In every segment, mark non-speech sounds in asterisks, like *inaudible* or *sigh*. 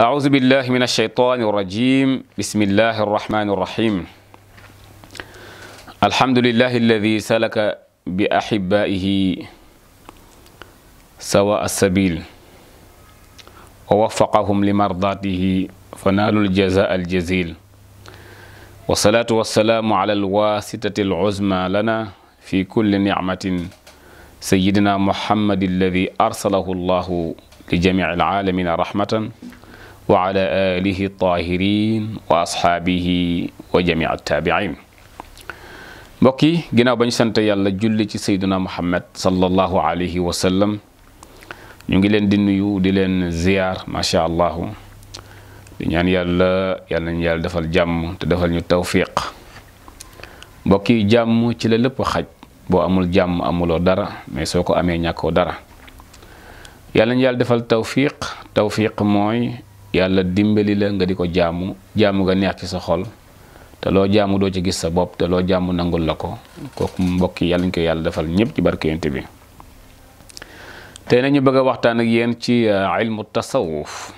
أعوذ بالله من الشيطان الرجيم بسم الله الرحمن الرحيم الحمد لله الذي سلك بأحبائه سواء السبيل ووفقهم لمرضاته فنالوا الجزاء الجزيل والصلاة والسلام على الواسطة العزمى لنا في كل نعمة سيدنا محمد الذي أرسله الله لجميع العالمين رحمة wa ala alihi tahirin wa ashaabihi wa jamii attaabiin mbokk yi ginnaaw bañ sant yàlla julli ci sayduna muhammad sallallahu alayhi wa sallam ñu ngi leen di nuyu di leen ziyaar macha allah di ñaan yàlla yàlla nañu yàlla defal jàmm te defal ñu tawfiq mbokk yi jàmm ci la lépp xaj boo amul jàmm amuloo dara mais soo ko amee ñàkkoo dara yàlla nañu yàlla defal tawfiq tawfiq mooy yàlla dimbali la nga di ko jaamu jaamu nga neex ci sa xol te loo jaamu doo ci gis sa bopp te loo jaamu nangul la ko kooku mbokk yi yàlla ñu ko yàlla defal ñëpp ci barke bi te nañu bëgg a waxtaan ak yéen ci uh, ilmu tasawuf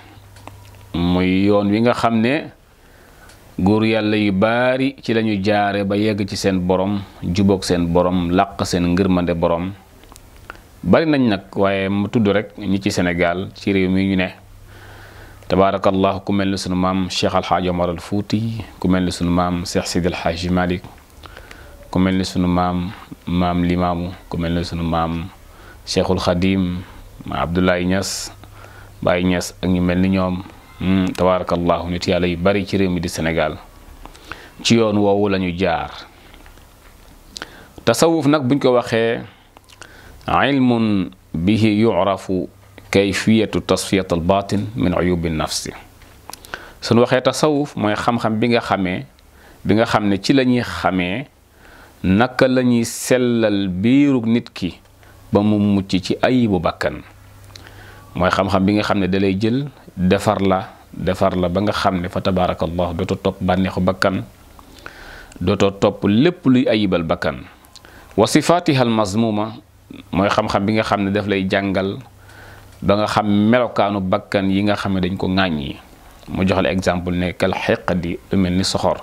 muy yoon wi nga xam ne góor yàlla yu baari ci lañu jaare ba yegg ci seen borom jubóog seen borom làq seen ngërmande boroom bari nañ nag waaye mu tudd rek ñi ci senegal ci réew mi ñu ne tabaarakallahu ku mel ni sunu maam Cheikh Alxaaji Omar al Fuuti ku mel ni sunu maam Cheikh Sidi Alxaaji Malick ku mel ni sunu maam maam Limaamu ku mel ni sunu maam Cheikhul Xadim Abdoulaye Niass Baye Niass ak ñu mel ni ñoom hmm, tabaarakallahu nit yàlla yu bari ci réew mi di Sénégal yoon woowu lañu jaar tasawuf nag buñ ko waxee ilmun bihi yurafu kayfiyatu tasfiyat al batin min uyubi nafsi suñu waxee tasawuf mooy xam-xam bi nga xamee bi nga xam ne ci lañuy xamee naka la ñuy sellal biiru nit ki ba mu mucc ci ayibu bakkan mooy xam-xam bi nga xam ne dalay jël defar la defar la ba nga xam ne fa tabaarakallah dootoo topp bànneexu bakkan dootoo topp lépp luy ayibal bakkan wa sifaatiha mooy xam-xam bi nga xam ne daf lay jàngal ba nga xam melokanu bakkan yi nga xam dañ ko ngañi mu joxal exemple ne kal xeqadi lu mel ni soxor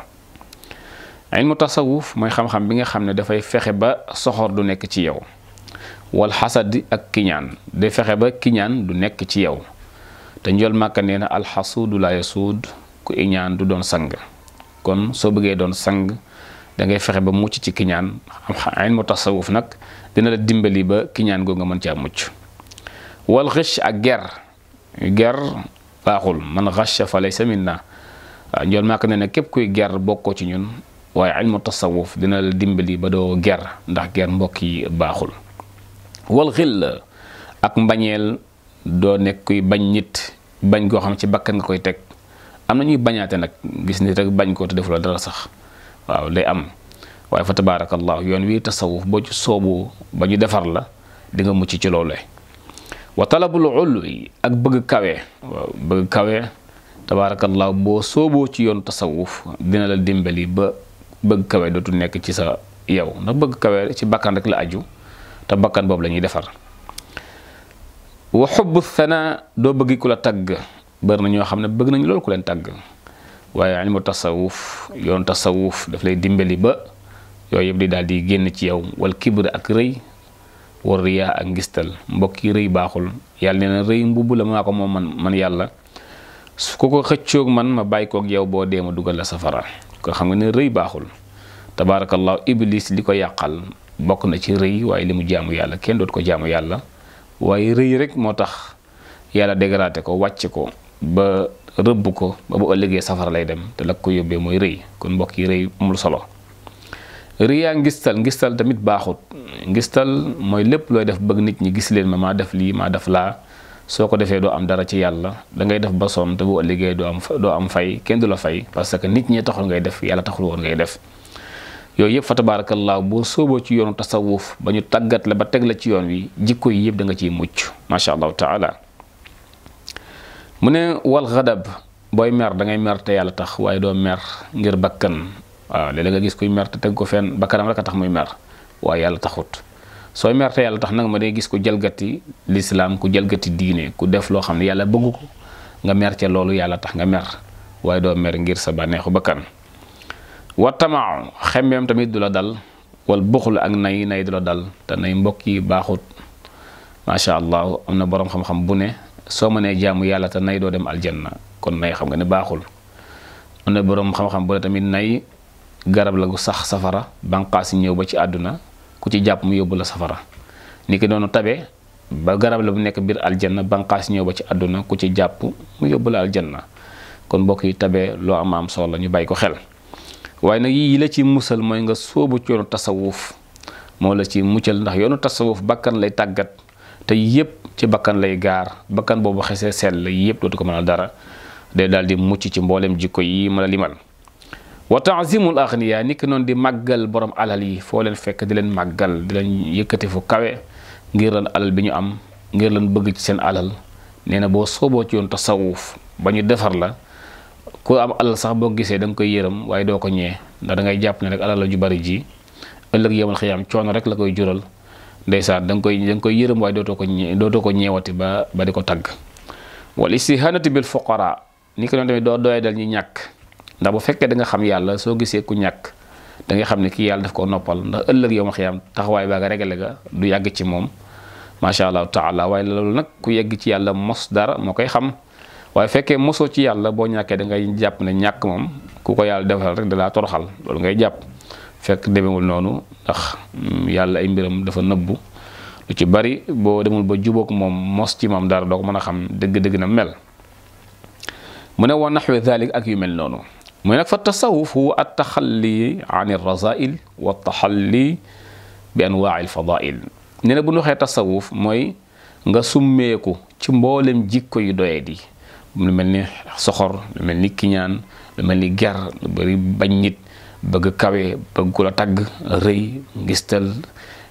ay mutasawuf moy xam-xam bi nga xam ne fay fexé ba soxor du nek ci yow wal hasad ak kinyan de fexé ba kinyan du nek ci yow te ñol màkka al na la yasud ku iñan du don sang kon so bëggee don sang da ngay fexé ba mucc ci kinyan ay mutasawuf nak dina la dimbali ba kinyan go nga mën caa mucc wal xëcc ak ger ger baaxul man xëcc fa laysa minna waaw njool maaka ne na képp kuy ger bokkoo ci ñun waaye ilmu tasawuf dina dimbali ba doo ger ndax ger mbokk yi baaxul wal xill ak mbañeel doo nekk kuy bañ nit bañ koo xam ci bakkan nga koy teg am na ñuy bañaate nag gis nit rek bañ koo te defula dara sax waaw day am waaye fa tabaarakallahu yoon wi tasawuf boo ci soobu ba ñu defar la di nga mucc ci loolee wa talabul ulwi ak bëgg kawe waaw bëgg kawe tabaarakallaahu boo sooboo ci yoonu tasawuf dina la dimbali ba bëgg kawe dootu nekk ci sa yow ndax bëgg kawe ci bakkan rek la aju te bakkan boobu lañuy ñuy defar wa xubbu sana doo bëgg ku la tagg bari na ñoo xam ne bëgg nañu loolu ku leen tagg waaye ilmu tasawuf yoonu tasawuf daf lay dimbali ba yooyu yëpp di daal di génn ci yow wal kibr ak rëy war riyaa ak ngistal mbokk yi rëy baaxul yàlla nee na rëy mbubb la maa ko moom man man yàlla su ko ko xëccoog man ma bàyyi kook yow boo dee ma dugal la safara ko xam nga ne rëy baaxul tabaarakallaahu iblis li ko yàqal bokk na ci rëy waaye li mu jaamu yàlla kenn dootu ko jaamu yàlla waaye rëy rek moo tax yàlla dégraté ko wàcc ko ba rëbb ko ba bu ëllëgee safara lay dem te la ko yóbbee mooy rëy kon mbokk yi rëy amul solo yaa ngistal ngistal tamit baaxut ngistal mooy lépp looy def bëgg nit ñi gis leen ma maa def lii maa def laa soo ko defee doo am dara ci yàlla da ngay def ba soom te bu liggéey doo am doo am fay kenn du la fay parce que nit ñi taxul ngay def yàlla taxul woon ngay def yooyu yëpp fa tabaarakallaahu boo sooboo ci yoonu tasawuf ba ñu tàggat la ba teg la ci yoon wi jikko yi yëpp da nga ciy mucc macha allahu taala mu ne wal xadab booy mer da ngay mer te yàlla tax waaye doo mer ngir bakkan waaw léeg-léeg nga gis kuy mer te teg ko fen bakkanam rek a tax muy mer waaye yàlla taxut soo mer te yàlla tax nag ma day gis ku jalgati lislaam ku jalgati diine ku def loo xam ne yàlla bëggu ko nga mer ca loolu yàlla tax nga mer waaye doo mer ngir sa bànneexu bakkan wa tamaa xembeem tamit du la dal wal buxul ak nay nay du la dal te nay mbokk yi baaxut macha allah am na boroom xam-xam bu ne soo mënee jàmm yàlla te nay doo dem aljanna kon nay xam nga ne baaxul garab la gu sax safara banqaas ñëw ba ci àdduna ku ci jàpp mu yóbbu la safara ni ki doonu tabe ba garab la bu nekk biir aljanna banqaas ñëw ba ci àdduna ku ci jàpp mu yóbbu la aljanna kon mbokk yi tabe loo am am solo la ñu bàyyi ko xel waaye nag yii la ci musal mooy nga soobu ci yoonu tasawuf moo la ci muccal ndax yoonu tasawuf bakkan lay tàggat te yépp ci bakkan lay gaar bakkan boobu xesee sell yépp dootu ko mënal dara day daal di mucc ci mboolem jikko yi mën a limal wa taazimul axniya ni ki noonu di màggal borom alal yi foo leen fekk di leen màggal di leen yëkkati fu kawe ngir lan alal bi ñu am ngir lan bëgg ci seen alal nee na boo sooboo ci yoon tasawuf ba ñu defar la ko am alal sax boo gisee da nga koy yërëm waaye doo ko ñee ndax da ngay jàpp ne rek alal ju bari ji ëllëg yemal xiyaam coono rek la koy jural ndeysaan da nga koy da koy yërëm waaye dootoo ko ñee dootoo ko ñeewati ba ba di ko tagg wal istihanati bil fuqara ni ko noonu tamit doo doye dal ñi ñàkk ndax bu fekkee danga xam yàlla soo gisee ku ñàkk da nga xam ne kii yàlla daf ko noppal ndax ëllëg yow ma xiyaam taxawaay baa nga régale ga du yàgg ci moom macha allah taala waaye loolu nag ku yegg ci yàlla mos dara moo koy xam waaye fekkee mosoo ci yàlla boo ñàkkee da ngay jàpp ne ñàkk moom ku ko yàlla defal rek dalaa toroxal loolu ngay jàpp fekk demewul noonu ndax mm, yàlla ay mbiram dafa nëbbu lu ci bari boo demul ba jubook moom mos ci moom dara doo mën a xam dëgg-dëgg na mel mu ne woon ak yu mel noonu mu nag fa tasawuf huwa attaxalli an irrazail wa taxalli bi anwaai alfadail nee na bu ñu waxee tasawuf mooy nga summeeku ci mboolem jikko yu doyee di lu mel ni soxor lu mel ni kiñaan lu mel ni ger lu bari bañ nit bëgg kawe bëgg ku la tagg rëy ngistal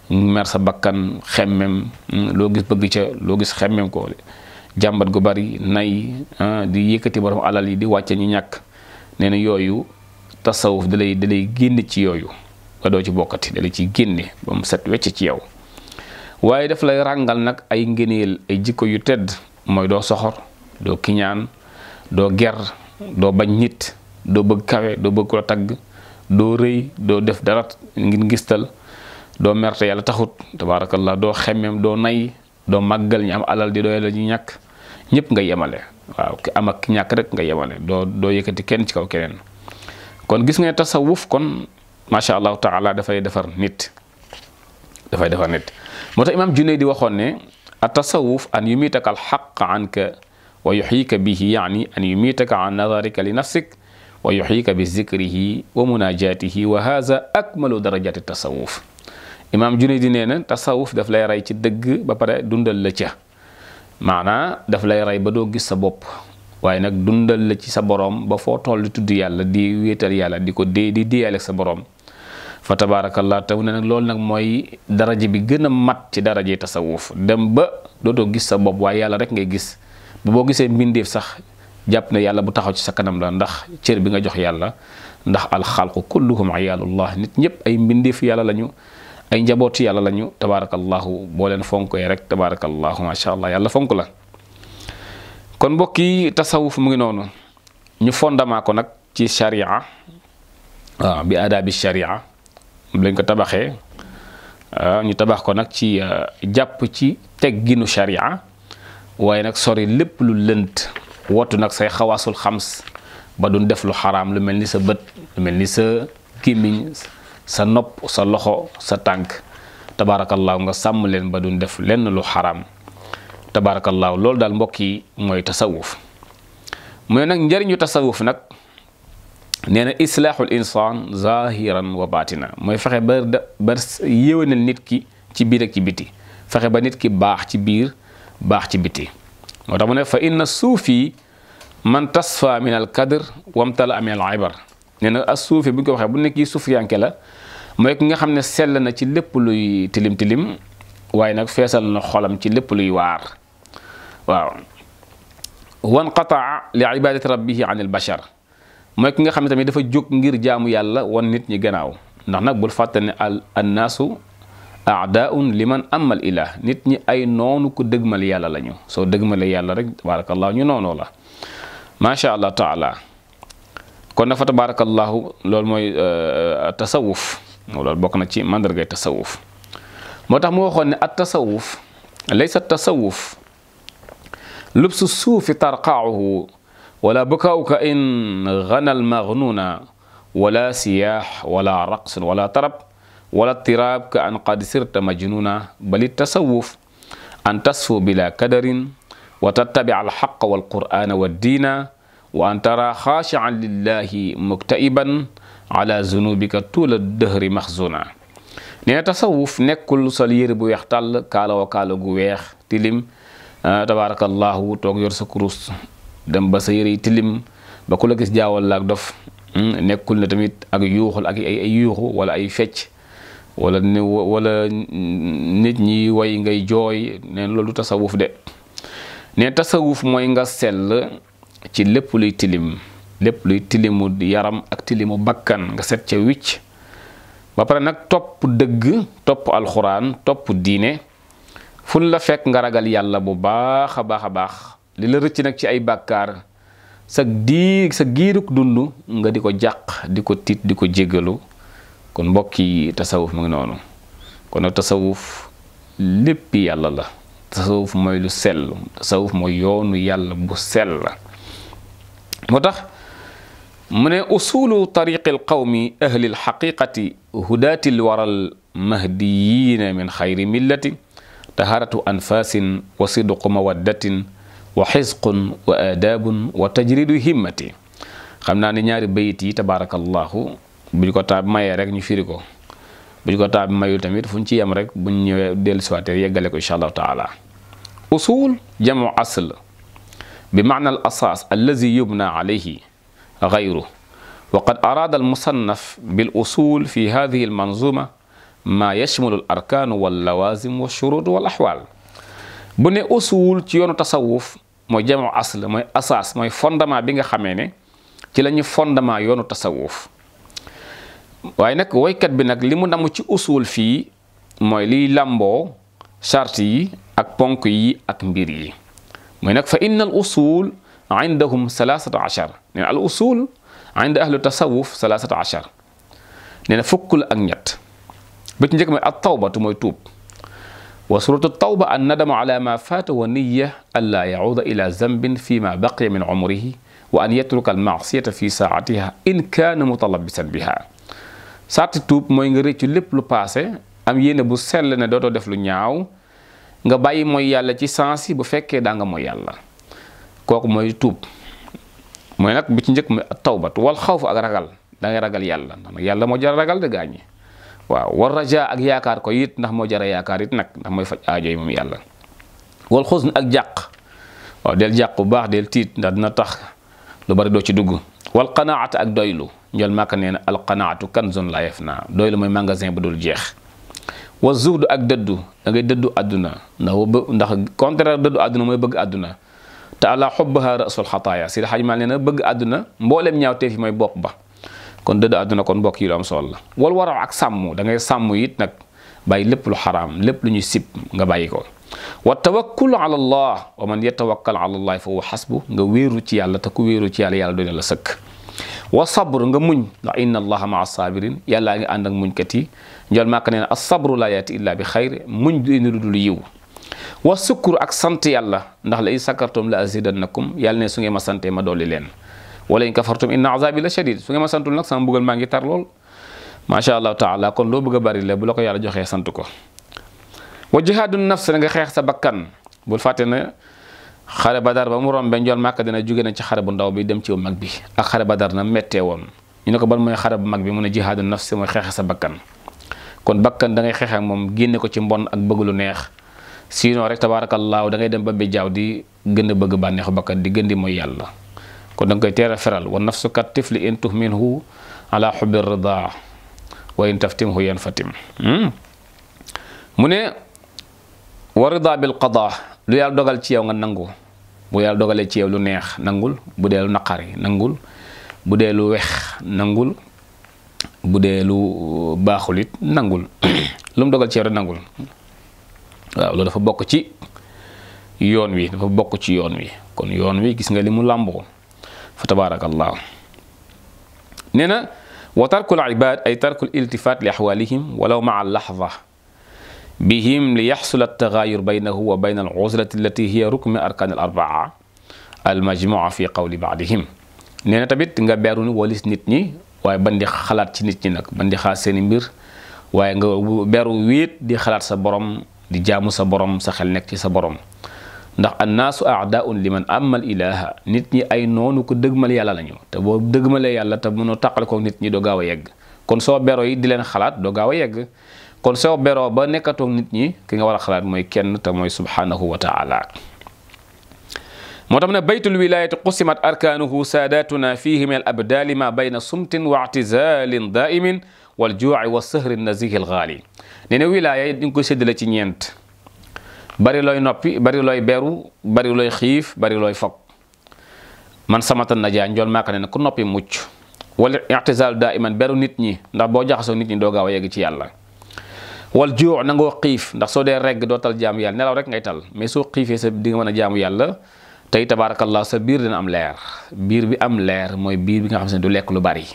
mer bakkan xemmem mm, loo gis bëgg ca loo gis xemmem ko jàmbat gu bari nay ah, di yëkkati borom alal yi di wàcce ñi ñàkk nee na yooyu tasawuf da lay da génn ci yooyu ba doo ci bokkati da lay ciy génne ba mu set wecc ci yow waaye daf lay ràngal nag ay ngëneel ay jikko yu tedd mooy doo soxor doo kiñaan doo ger doo bañ nit doo bëgg kawe doo bëgg ko tagg doo rëy doo def dara ngir ngistal doo merte yàlla taxut tabaarakallah doo xemmeem doo nay doo màggal ñi am alal di doyal ñi ñàkk ñëpp nga yemale waaw ki am ñàkk rek nga yemale doo doo yëkkati kenn ci kaw keneen kon gis nga tasawuf kon macha allahu taala dafay defar nit dafay defar nit moo tax imaam Junayd di waxoon ne a an yumitaka alxaq anka wa yuxyika bihi yaani an yumitaka an nadarika li nafsik wa yuxyika bi zikrihi wa munajatihi wa haza akmalu darajati tasawuf imaam Junayd di nee na tasawuf daf lay rey ci dëgg ba pare dundal la ca maanaa daf lay rey ba doo gis sa bopp waaye nag dundal la ci sa boroom ba foo tool toll tudd yàlla di wéetal yàlla di ko dee di deeyaleeg sa boroom fa tabaarakallah taw ne nag loolu nag mooy daraje bi gën a mat ci daraje tasawuf dem ba dootoo gis sa bopp waaye yàlla rek ngay gis ba boo gisee mbindeef sax jàpp ne yàlla bu taxaw ci sa kanam la ndax cër bi nga jox yàlla ndax alxalqu kulluhum ayaalullah nit ñëpp ay mbindeef yàlla lañu. ay njabootu yàlla lañu tabaarakallahu boo leen fonkee rek tabaarakallahu macha allah yàlla fonk la kon mbokk yi tasawuf mu ngi noonu ñu fondement ko nag ci sharia waaw bi aadaabi sharia lañ ko tabaxee ah, ñu tabax ko nag ci ah, jàpp ci teg tegginu sharia waaye nag sori lépp lu lënt wottu nag say xawaasul xams ba du def lu xaraam lu mel ni sa bët lu mel ni sa gémmiñ sa nopp sa loxo sa tànk tabaarakallaahu nga sàmm leen ba duñ def lenn lu xaraam tabaarakallaahu loolu daal mbokk yi mooy tasawuf mooy nag njëriñu tasawuf nag nee na islaaxul insaan zahiran wa baatina mooy fexe ba ba nit ki ci biir ak ci biti fexe ba nit ki baax ci biir baax ci biti moo tax mu ne fa inna suufi man tasfa min al kadr wamtala min al ibar nee na as suufi bu ñu ko waxee bu nekk yi suufiyanke la mooy ki nga xam ne sell na ci lépp luy tilim tilim waaye nag feesal na xolam ci lépp luy waar waaw wan qataa li ibadati rabbihi an il bachar mooy ki nga xam tamit dafa jóg ngir jaamu yàlla wan nit ñi gannaaw ndax nag bul fàtte ne al annaasu aadaun liman amal ilah nit ñi ay noonu ko dëgmal yàlla lañu soo dëgg dëgmale yàlla rek tabarakallah ñu noonoo la macha allah taala kon nag fa tabaarakallaahu loolu mooy tasawuf loolu bokk na ci mandargay tasawuf moo tax mu waxoon ne at tasawuf laysa tasawuf lubsu suufi tarqaahu wala bukaawuka in gana almagnuuna wala siyaax wala raqsun wala tarab wala tiraab ka an qad sirta majnuuna bal tasawuf an tasfu bila kadarin wa tattabi alxaqa walqur'aana waddiina wa an tara xaashian lillahi muktaiban ala zunubika tuula dëhri maxzuna nee tasawuf nekkul sol yére bu weex tàll kaala wa kaala gu weex tilim ah, tabaarakallaahu toog yor sa kurus dem ba sa yére tilim ba ku la gis jaawal laak dof hmm, nekkul ne tamit ak yuuxul ak ay yuuxu wala ay fecc wala ni wala nit ñi way ngay jooy neen loolu du tasawuf de ne tasawuf mooy nga sell ci lepp luy tilim lepp luy tilimu yaram ak tilimu bakkan nga set ci wicc ba pare top top deug top alquran top diine fun la fek nga ragal yalla bu baakha baakha baax li la recc nak ci ay bakkar sa di sa giruk dundu nga diko ko diko tit diko jegelu kon mbokki tasawuf mo ngi nonu kon tasawuf lepp yalla la tasawuf moy lu sel tasawuf moy yoonu yalla bu sel. moo tax mu ne usulu tariqi alqawmi ahli alxaqiqati hudaati lwara almahdiyina min xayri millati taharatu anfasin wa sidqu mawaddatin wa xisqun wa aadaabun wa tajridu himmati xam naa ne ñaari bayit yi tabaarakallahu buñ ko taab mayee rek ñu firi ko buñ ko taab mayul tamit fu ñu ci yem rek buñ ñëwee dellusiwaatee yeggale ko incha allahu taala usul jamu asl بمعنى الأساس الذي يبنى عليه غيره وقد أراد المصنف بالأصول في هذه المنظومة ما يشمل الأركان واللوازم والشروط والأحوال بنى أصول تيون تصوف موي جمع أصل موي أساس موي فندما بيغا خاميني تي لاني فندما يون تصوف وينك ويكت واي كات بي أصول في موي لي لامبو شارتي اك بونك اك مبير هناك فإن الأصول عندهم سلاسة عشر يعني الأصول عند أهل التصوف سلاسة عشر يعني فكل أنيت بتنجك من التوبة تموي توب وسورة التوبة الندم على ما فات والنية ألا يعود إلى ذنب فيما بقي من عمره وأن يترك المعصية في ساعتها إن كان مطلب بها ساعة التوب مو nga réccu lépp أم ينبو سلنا دوتو دفلو sell nga bàyyi mooy yàlla ci sens bu fekkee daa mooy yàlla kooku mooy tuub mooy nag bi ci njëkk mooy tawbat wal xawf ak ragal da ngay ragal yàlla ndax nag yàlla moo jar ragal de gaañi waaw war raja ak yaakaar ko it ndax moo jar yaakaar it nag ndax mooy faj aajo yi moom yàlla wal xusn ak jàq waaw del jàq bu baax del tiit ndax dina tax lu bari doo ci dugg wal qanaat ak doylu njol màkk nee na al qanaatu kanzun la yafna doylu mooy magasin bu dul jeex wa ak dëddu da dëddu àdduna ndax ndax contraire dëddu àdduna mooy bëgg àdduna te àla xobbaha rasul xataaya si xaj maa bëgg àdduna mbooleem ñaawteef yi bopp ba kon dëddu àdduna kon bokk yi lu am solo la wal waraw ak sàmm da ngay sàmm it nag bay lépp lu xaraam lépp lu ñuy sib nga bàyyi ko wa tawakkul ala allah wa man yatawakkal ala allah fa huwa xasbu nga wéeru ci yàlla te ku wéeru ci yàlla yàlla doy na la sëkk wa sabr nga muñ ndax inna allaha maa sabirin yàllaa ngi ak muñkat yi njol màkk nee na asabru la yaati illa bi xayr muñ du indi lu dul yiw wa sukkur ak sant yàlla ndax la i sakartum la azidannakum yàlla ne su ngeen ma santee ma dolli leen wala in kafartum inna azabi la shadid su ngeen ma santul nag sama mbugal maa ngi tar lool macha allah taala kon loo bëgg a bari la bu la ko yàlla joxee sant ko wa jihaadun nafs nga xeex sa bakkan bul fàtte ne xare badar ba mu rombe njool màkk dina jóge na ci xare bu ndaw bi dem ci mag bi ak xare badar na mettee woon ñu ne ko ban mooy xare bu mag bi mu ne jihaadun nafs mooy xeex sa bakkan kon bakkan da ngay xeex ak moom génne ko ci mbon ak bëgg lu neex sinon rek tabaarakallaahu da ngay dem ba bi jaaw di gën a bëgg bànneexu bakkan di gën di mooy yàlla kon da nga koy teel a feral wa nafsu kat tifli in tuhminhu ala xubbi rida wa in taftimhu yan fatim hmm? mu ne wa rida bil qada lu yàlla dogal ci yow nga nangu bu yàlla dogalee ci yow lu neex nangul bu dee lu naqari nangul bu dee lu wex nangul bu dee lu baaxul it nangul *coughs* lum dogal ci yow nangul waaw loolu dafa bokk ci yoon wi bokk ci yoon wi kon yoon wi gis nga li mu làmboo fa tabaarakallaahu nee na wa tarkul ibaad ay tarkul iltifaat ma axwaalihim walaw maa laxda bihim li yaxsul altaxaayur baynahu wa bayna al uzlati allati hiya rukmi arkaan al arbaa fi qawli baadihim nee na nga beeru walis nit ñi waaye ban di xalaat ci nit ñi nag bandi di xaar seeni mbir waaye nga beru wéet di xalaat sa borom di jaamu sa borom sa xel nekk ci sa borom ndax annaasu aadaun liman amal ilaha nit ñi ay noonu ko dëgmal yàlla lañu te boo dëgmalee yàlla te mënoo taqal ko nit ñi doo gaaw a yegg kon soo beroo yi di leen xalaat doo gaaw a yegg kon soo beroo ba nekkatoo nit ñi ki nga war a xalaat mooy kenn te mooy subhanahu wa taala moo tax ne baytul wilayati qusimat arkaanuhu saadatuna fihi min al abdaali ma bayna sumtin wa atizalin daimin wal juuci wa sahri nazihi al xaali ne ne wilaaya yi dañ ko séddale ci ñeent bari looy noppi bari looy beru bari looy xiif bari looy fog man samatan najaa njool maaka ne ne ku noppi mucc wala ictizaal daiman beru nit ñi ndax boo jaxasoo nit ñi doo gaaw a yegg ci yàlla wal juux na ngoo xiif ndax soo dee regg doo tal jaamu yàlla nelaw rek ngay tal mais soo xiifee sa di nga a jaamu yàlla tey tabaarakallah sa biir dina am leer biir bi am leer mooy biir bi nga xam ne du lekk lu bari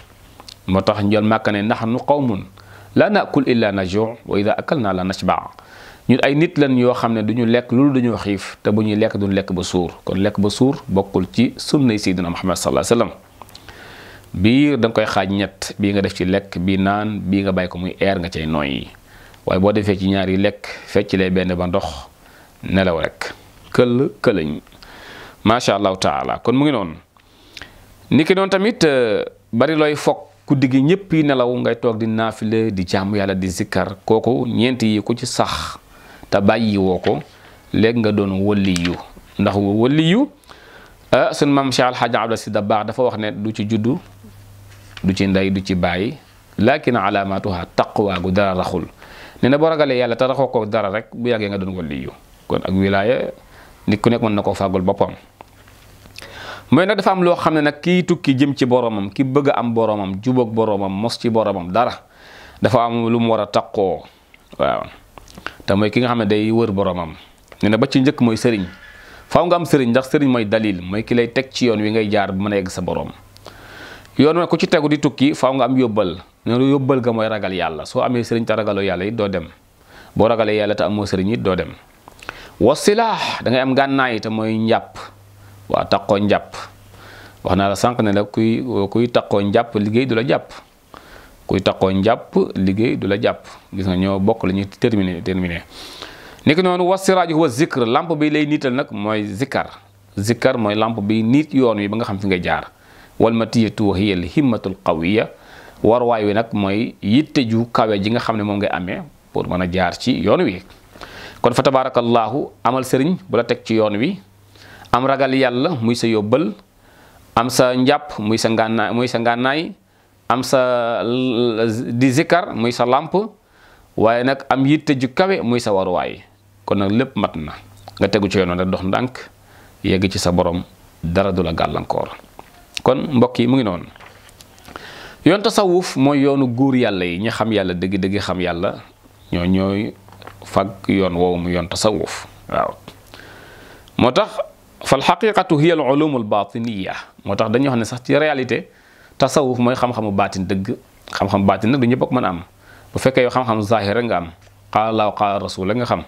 moo tax njool màkk ne nahnu qawmun la nakul illa najuu wa ida akalna la nashba ñun ay nit lan yoo xam ne du lekk loolu dañoo xiif te bu ñuy lekk lekk ba suur kon lekk ba suur bokkul ci sunnay sayyidina Muhammad sallallahu alayhi wasallam biir da nga koy xaaj ñett bii nga def ci lekk bii naan bii nga bàyyi muy air nga cay nooy waaye boo defee ci ñaari lekk fecc lay benn ba ndox nelaw rek këll këlañ masha allah taala kon mu ngi non niki non tamit eh, bari loy fokk ku digi ñepp yi nelaw ngay tok di nafile di jamm yalla di zikkar koku ñent yi ku ci sax ta bayyi woko leg nga don waliyu ndax waliyu ah eh, sun mam Cheikh Al Hadj abdul sidda ba dafa wax ne du ci juddu du ci nday du ci bayyi lakin alamatuha taqwa gu dara raxul ne na yalla ta dara rek bu yagge nga don waliyu kon ak wilaya nit ku nek man nako fagul bopam mooy nag dafa am loo xam ne nag kiy tukki jëm ci boromam ki bëgg am boromam jubook boromam mos ci boromam dara dafa am lu mu war a taqoo waaw te mooy ki nga xam ne day wër boromam nee na ba ci njëkk mooy sëriñ faaw nga am sëriñ ndax sëriñ mooy dalil mooy ki lay teg ci yoon wi ngay jaar ba mën sa borom yoon ku ci tegu di tukki faaw nga am yóbbal nee na yóbbal ga mooy ragal yàlla soo amee sëriñ te ragaloo yàlla it doo dem boo ragalee yàlla te amoo sëriñ it doo dem wasilaax da am gànnaay te mooy njàpp. waa taqoo njàpp wax naa la sànq ne la kuy kuy taqoo njàpp liggéey du la jàpp kuy taqoo njàpp liggéey du la jàpp gis nga ñoo bokk la ñuy terminé terminé nekk noonu was siraaju wa zikr làmp bi lay niital nag mooy zikkar zikkar mooy làmp bi niit yoon wi ba nga xam fi nga jaar wal matiyatu wa hiya al himmatul qawiya warwaay wi nag mooy yitte ju kawe ji nga xam ne moom ngay amee pour mën a jaar ci yoon wi kon fa tabaarakallaahu amal sëriñ bu la teg ci yoon wi am ragal yalla muy sa yobbal am sa njap muy sa ngànnaay muy sa ngànnaay am sa di zikar muy sa làmp waye nak am yitte ju kawé muy sa way kon nak lepp matna na nga teggu ci yoon rek dox ndank yegg ci sa borom dara dula la kon mbokk yi mu ngi non yon tasawuf moy yonu goor yalla yi ñi xam yalla deug deug xam yalla ñoy ñoy fag yon woom mu tasawuf waaw motax fal xaqiqatu hiya al ulum al batiniya moo tax dañuy wax ne sax ci réalité tasawuf mooy xam-xamu baatin dëgg xam-xam baatin nag dañu ñëpp ak mën a am bu fekkee xam-xam zahir rek nga am qaala laaw qaala rasul rek nga xam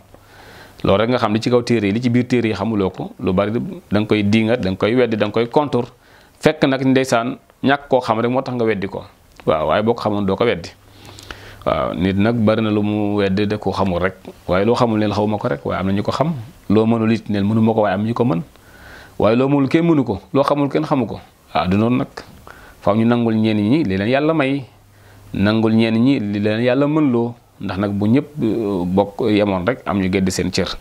loolu rek nga xam li ci kaw téere yi li ci biir téere yi xamuloo ko lu bari da koy diingat da nga koy weddi danga koy contour fekk nag ndeysaan ñàkk koo xam rek moo tax nga weddi ko waaw waaye boo ko xamoon doo ko weddi waaw nit nag bari na lu mu weddi da ko xamul rek waaye loo xamul neel xaw ma ko rek waaye am na ñu ko xam loo mënul it neel mënu ma ko waaye am ñu ko mën waaye loo mënul kenn mënu ko loo xamul kenn xamu ko ah du noonu nag faaw ñu nangul ñenn ñi li leen yàlla may nangul ñenn ñi li leen yàlla mën loo ndax nag bu ñëpp euh, bokk yemoon rek am ñu gedd seen cër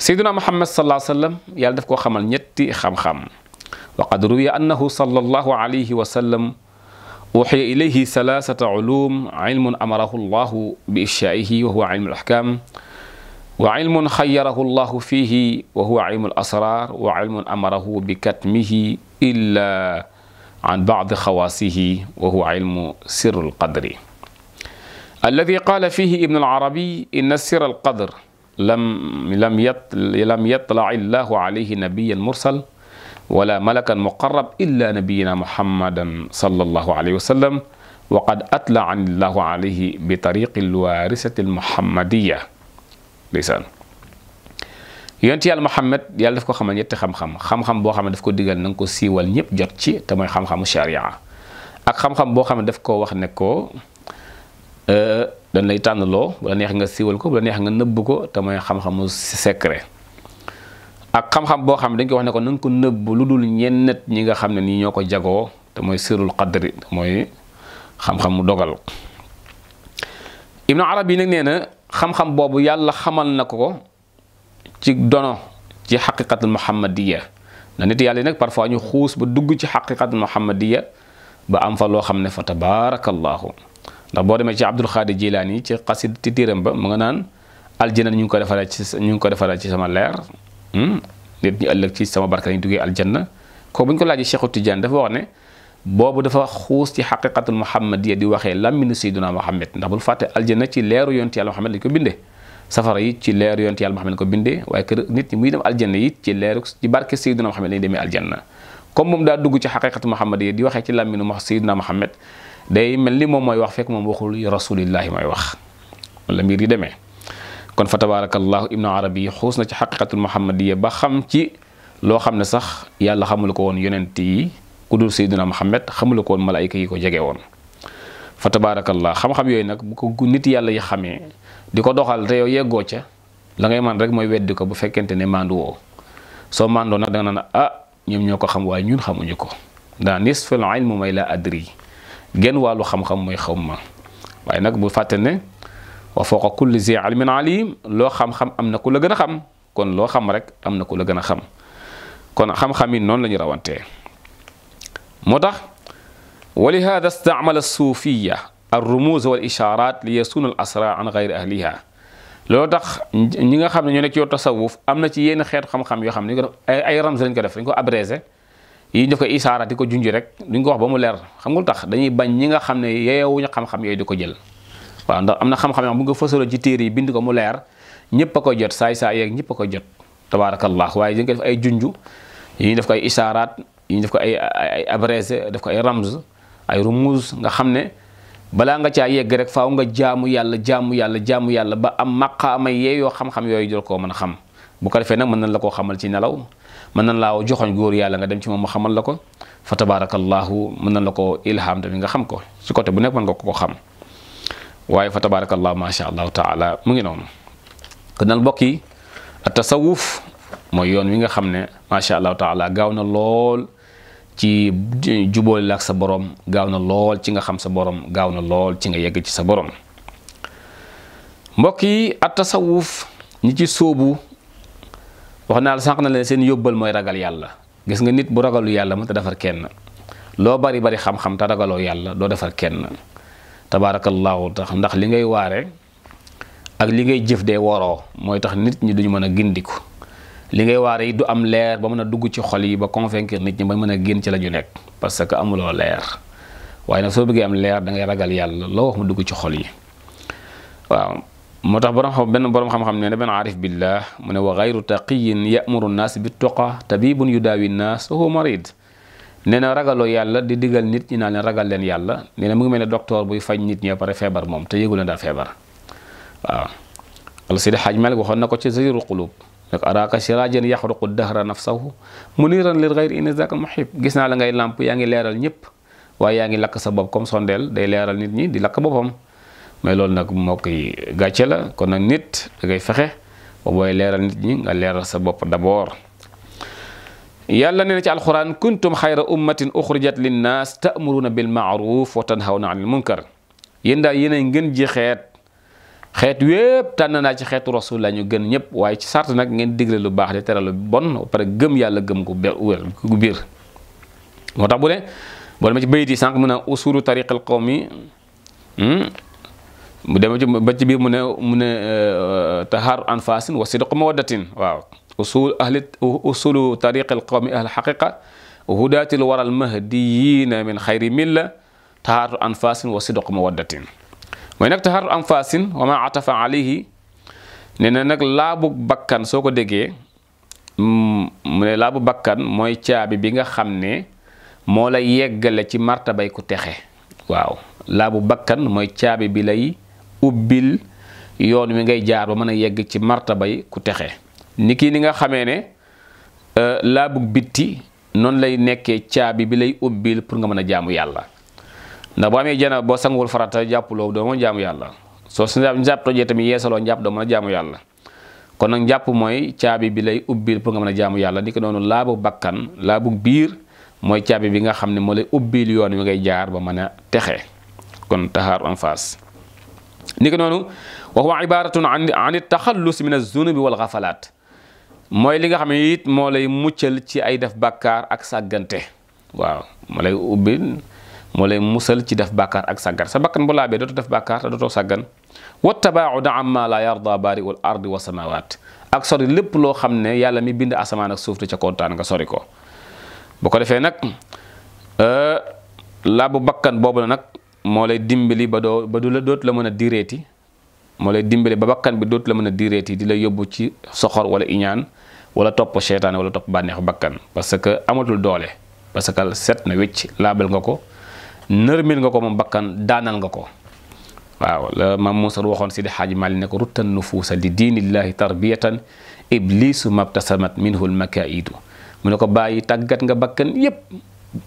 sayduna muhammad sallallahu alayhi wasallam yàlla daf koo xamal ñetti xam-xam wa qad ruwiya annahu sallallahu alayhi wa sallam uxiya ilayhi salaasata ulum ilmun amarahu llahu bi ifshaa'ihi wa huwa ilmu al-ahkam وعلم خيره الله فيه وهو علم الأسرار وعلم أمره بكتمه إلا عن بعض خواصه وهو علم سر القدر الذي قال فيه ابن العربي إن سر القدر لم لم لم يطلع الله عليه نبيا مرسل ولا ملكا مقرب إلا نبينا محمدا صلى الله عليه وسلم وقد أطلع الله عليه بطريق الوارثة المحمدية ndeysaan yonent yàlla Muhammad yàlla daf ko xamal ñetti xam-xam xam-xam boo xam ne daf ko digal na ko siiwal ñëpp jot ci te mooy xam-xamu ak xam boo xam ne daf koo wax ne ko euh, dañ lay tànnloo la neex nga siiwal ko ba la neex nga nëbb ko te mooy xam-xamu secret ak xam-xam boo xam ne dañ ko wax ne ko na ko nëbb lu dul ñenn ñi nga xam ne nii ñoo ko jagoo te mooy sirul qadri mooy xam mu dogal Ibnu Arabi nag nee na xam-xam boobu yàlla xamal na ko ko ci dono ci xaqiqatul muhammadiya na nit yàlla yi nag parfois ñu xuus ba dugg ci xaqiqatul muhammadiya ba am fa loo xam ne fa tabarakallahu ndax boo demee ci abdul xaadir jilaani yi ci xasid ti tiiram ba mu nga naan aljana ñu ngi ko defaral ci ñu ngi ko defaral ci sama leer hmm? nit ñi ëllëg ci sama barka lañu duggee aljanna ko bu ñu ko laaj cheikhu tidiane dafa wax ne boobu dafa xuus ci xaqiqatul muhammadiya di waxee làmminu sayyiduna muhammad ndax bul fàtte aljana ci leeru yonti yàlla muhammad lañ ko bindee safara yi ci leeru yonti yàlla muhammad lañ ko bindee waaye kër nit ñi muy dem aljanna yi ci leeru ci barke sayyiduna muhammad lañ demee aljanna comme moom daa dugg ci xaqiqatul muhammadiya di waxee ci làmminu sayyiduna muhammad day mel ni moom mooy wax fekk moom waxul rasulillahi mooy wax la mbir yi demee kon fa tabaarakallahu ibnu arabi xuus na ci xaqiqatul muhammadiya ba xam ci loo xam ne sax yàlla xamul ko woon yonent yi ku dul Seydina Muhammad xamula ko woon malaayka yi ko jege woon fa tabaarakallah xam-xam yooyu nag bu ko nit yàlla yi xamee di ko doxal te yow yeggoo ca la ngay man rek mooy weddi ko bu fekkente ne mandu woo soo mandoo nag da nga naan a ah, ñoom ñoo ko xam waaye ñun xamuñu ko daa nisful ilmu may la adri genn wàllu xam-xam mooy xaw ma waaye nag bu fàtte ne wa fawqa kulli zi ilmin alim loo xam-xam am na ku la gën a xam kon loo xam rek am na ku la gën a xam kon xam-xam yi noonu la ñu moo tax wa lihaada istaamala suufiya alrumuuz wal ishaaraat li yasuuna al asra an gayri ahliha loolu tax ñi nga xam ne ñoo nekk yow tasawuf am na ci yenn xeet xam-xam yoo xam ne ay ramz lañ ko def dañ ko abrégé yi def ko di ko junj rek duñ ko wax ba mu leer xam nga tax dañuy bañ ñi nga xam ne yeewuñu xam-xam yooyu di ko jël waaw ndax am na xam-xam yoo bu nga fësaloon ci yi bind ko mu leer ñëpp ko jot saay yeeg ñëpp a ko jot tabaarakallah waaye dañ ko def ay junj yi def ko ay ishaaraat yi ñu def ko ay ay abrégé def ko ay ramz ay rumuz nga xam ne balaa nga caa yegg rek faaw nga jaamu yàlla jaamu yàlla jaamu yàlla ba am maqaama yee yoo xam-xam yooyu jël koo mën a xam bu ko defee nag mën na la koo xamal ci nelaw mën nañ laa joxoñ góor yàlla nga dem ci moom mu xamal ko fa tabarakallahu mën nañ la ko ilham tamit nga xam ko ci côté bu nekk mën nga ko ko xam waaye fa tabarakallahu masha allahu taala mu ngi noonu kon nag mbokk a tasawuf mooy yoon wi nga xam ne masha allahu taala gaaw na lool ci jubóole la ak sa boroom gaaw na lool ci nga xam sa borom gaaw na lool ci nga yegg ci sa borom mbokk yi at tasawuf ñi ci soobu wax naa la sànq na leen seen yóbbal mooy ragal yàlla gis nga nit bu ragalu yàlla mën ta defar kenn loo bari bari xam-xam te ragaloo yàlla doo defar kenn tabaarakallaahu tax ndax li ngay waare ak li ngay jëf de woroo mooy tax nit ñi duñu mën a gindiku li ngay waare yi du am leer ba mën a dugg ci xol yi ba convaincre nit ñi ba mën a génn ci la ñu nekk parce que amuloo leer waaye nag soo bëggee am leer da ngay ragal yàlla loo wax mu dugg ci xol yi waaw moo tax borom xam benn borom xam-xam ne ne benn aarif billah mu ne wa gayru taqiyin yamuru nnaas bi toqa tabibun yudaawi nnaas wa huwa marid nee na ragaloo yàlla di digal nit ñi naan leen ragal leen yàlla nee na mu ngi mel ne docteur buy faj nit ñi ba feebar moom te yëgu leen daa feebar waaw si de xaaj malik waxoon na ko ci zayru qulub ara ka sirajan yaxruqu dahra nafsuhu muniran lil ghayri in zaaka muhib gis naa la ngay lamp yaa ngi leeral ñëpp waaye yaa ngi sa bop comme sondel day leral nit ñi di lak bopam may lol nak mbokk yi la kon nak nit da ngay fexé bo boy leral nit ñi nga leral sa bop d'abord yalla neena ci alquran kuntum khayra ummatin lin-nas ta'muruna bil ma'ruf wa tanhawna anil munkar yenda yene ngeen ngën ji xeet wépp tànn naa ci xeetu rasul la ñu gën ñëpp waaye ci sart nag ngeen digle lu baax di teral lu bon pare gëm yàlla gëm gu gu biir moo tax bu ne boo ma ci bayit yi sànq mu ne usulu tariqal qawmi hmm? mu demee ci ba ci biir mu ne mu ne euh, taharu anfasin wa sidqu mawaddatin waaw usul ahli usulu tariqal qawmi ahli xaqiqa hudaatil waral mahdiyiina min xayri milla taharu anfasin wa sidqu mawaddatin mooy nag taxaru am fasin wa ma atafa alayhi nee na nag laabu bakkan soo ko déggee mm, mu ne laabu bakkan mooy caabi bi nga xam ne moo la yeggale ci martabay ku texe waaw laabu bakkan mooy caabi bi lay ubbil yoon wi ngay jaar ba mën a yegg ci martabay ku texe ni kii ni nga xamee ne euh, laabu bitti noonu lay nekkee caabi bi lay ubbil pour nga mën a jaamu yàlla ndax boo amee jana boo sanguwul farata jàppuloo doo mën yàlla soo su njàpp tojee tamit yeesaloo njàpp doo mën yàlla kon nag njàpp mooy caabi bi lay ubbil pour nga mën a jaamu yàlla ni ko noonu laabu bakkan laabu biir mooy caabi bi nga xam ne moo lay ubbil yoon wi ngay jaar ba mën a texe kon taxaar en face ni ko wa huwa ibaratun an taxallus min az-zunubi wal xafalaat mooy li nga xam ne it moo lay muccal ci ay def bàkkaar ak sàggante waaw moo lay ubbil moo lay musal ci def bàkkaar ak sàggan sa bakkan bu laabee dootoo def bàkkaar te dootoo sàggan wa tabaacuda amma la yarda baari ul ardi wa samawat ak sori lépp loo xam ne yàlla mi bind asamaan ak suuf te ca kontaan nga sori ko ko defee nag euh, laabu bakkan boobu la nag moo lay dimbali ba doo ba du la doot la mën a direeti moo lay dimbali ba bakkan bi dootu la mën a direeti di la yóbbu ci soxor wala iñaan wala topp seytaane wala topp bànneexu bakkan parce que amatul doole parce que set na wécc laabal nga ko nërmil nga ko moom bakkan daanal nga ko waaw la maam Moussa waxoon si di xaaji Maalik ne ko ruttan nufuusa li diinillahi tarbiyatan iblisu mabtasamat minhu lmakaidu mu ne ko bàyyi tàggat nga bakkan yépp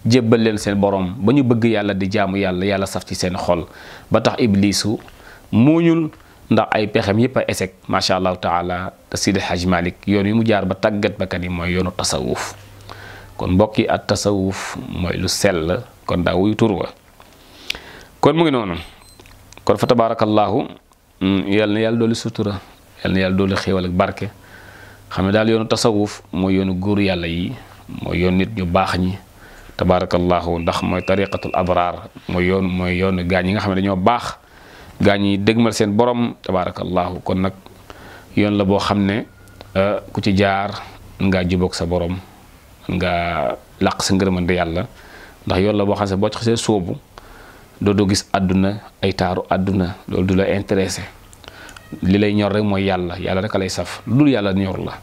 jébbal leen seen borom ba ñu bëgg yàlla di jaamu yàlla yàlla saf ci seen xol ba tax iblisu muuñul ndax ay pexem yépp a échec macha allah taala te Sidi Haj Malik yoon wi mu jaar ba tàggat bakkan yi mooy yoonu tasawuf kon mbokki at tasawuf mooy lu sell kon daa wuy tur wa kon mu ngi noonu kon fa tabaarakallaahu mm, yal na yàlla dooli sutura yal na yàlla dooli xéewal ak barke xam ne daal yoonu tasawuf mooy yoonu góor yàlla yi mooy yoon nit ñu baax ñi tabaarakallaahu ndax mooy tariqatul abraar mooy yoon mooy yoonu gaañ yi nga xam ne dañoo baax gaañ yi dëgmal seen borom tabaarakallaahu kon nag yoon la boo xam ne euh, ku ci jaar ngaa jubóog sa boroom nga laq sa ngërëmande yalla ndax yoon la boo xam ne boo ci do gis aduna ay taru aduna lolou dula la intéressé li lay ñor rek moy yalla yalla rek lay saf lu dul yàlla ñor la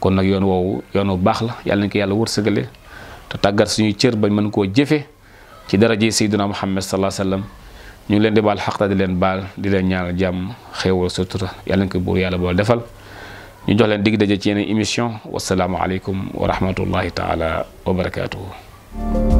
kon nak yoon woowu yoonu bax la yalla nañ ko yàlla wërsëgale te tàggat suñuy cër bañ man ko jëfé ci daraje sayyidina muhammad sallallahu alaihi wasallam ñu leen di bal haqta di leen bal di leen ñaanal jàmm xéewal sutura yalla nañ ko buur yàlla defal ñu jox leen dig daje ci yeneen émission alaykum wa rahmatullahi taala wa barakaatuhu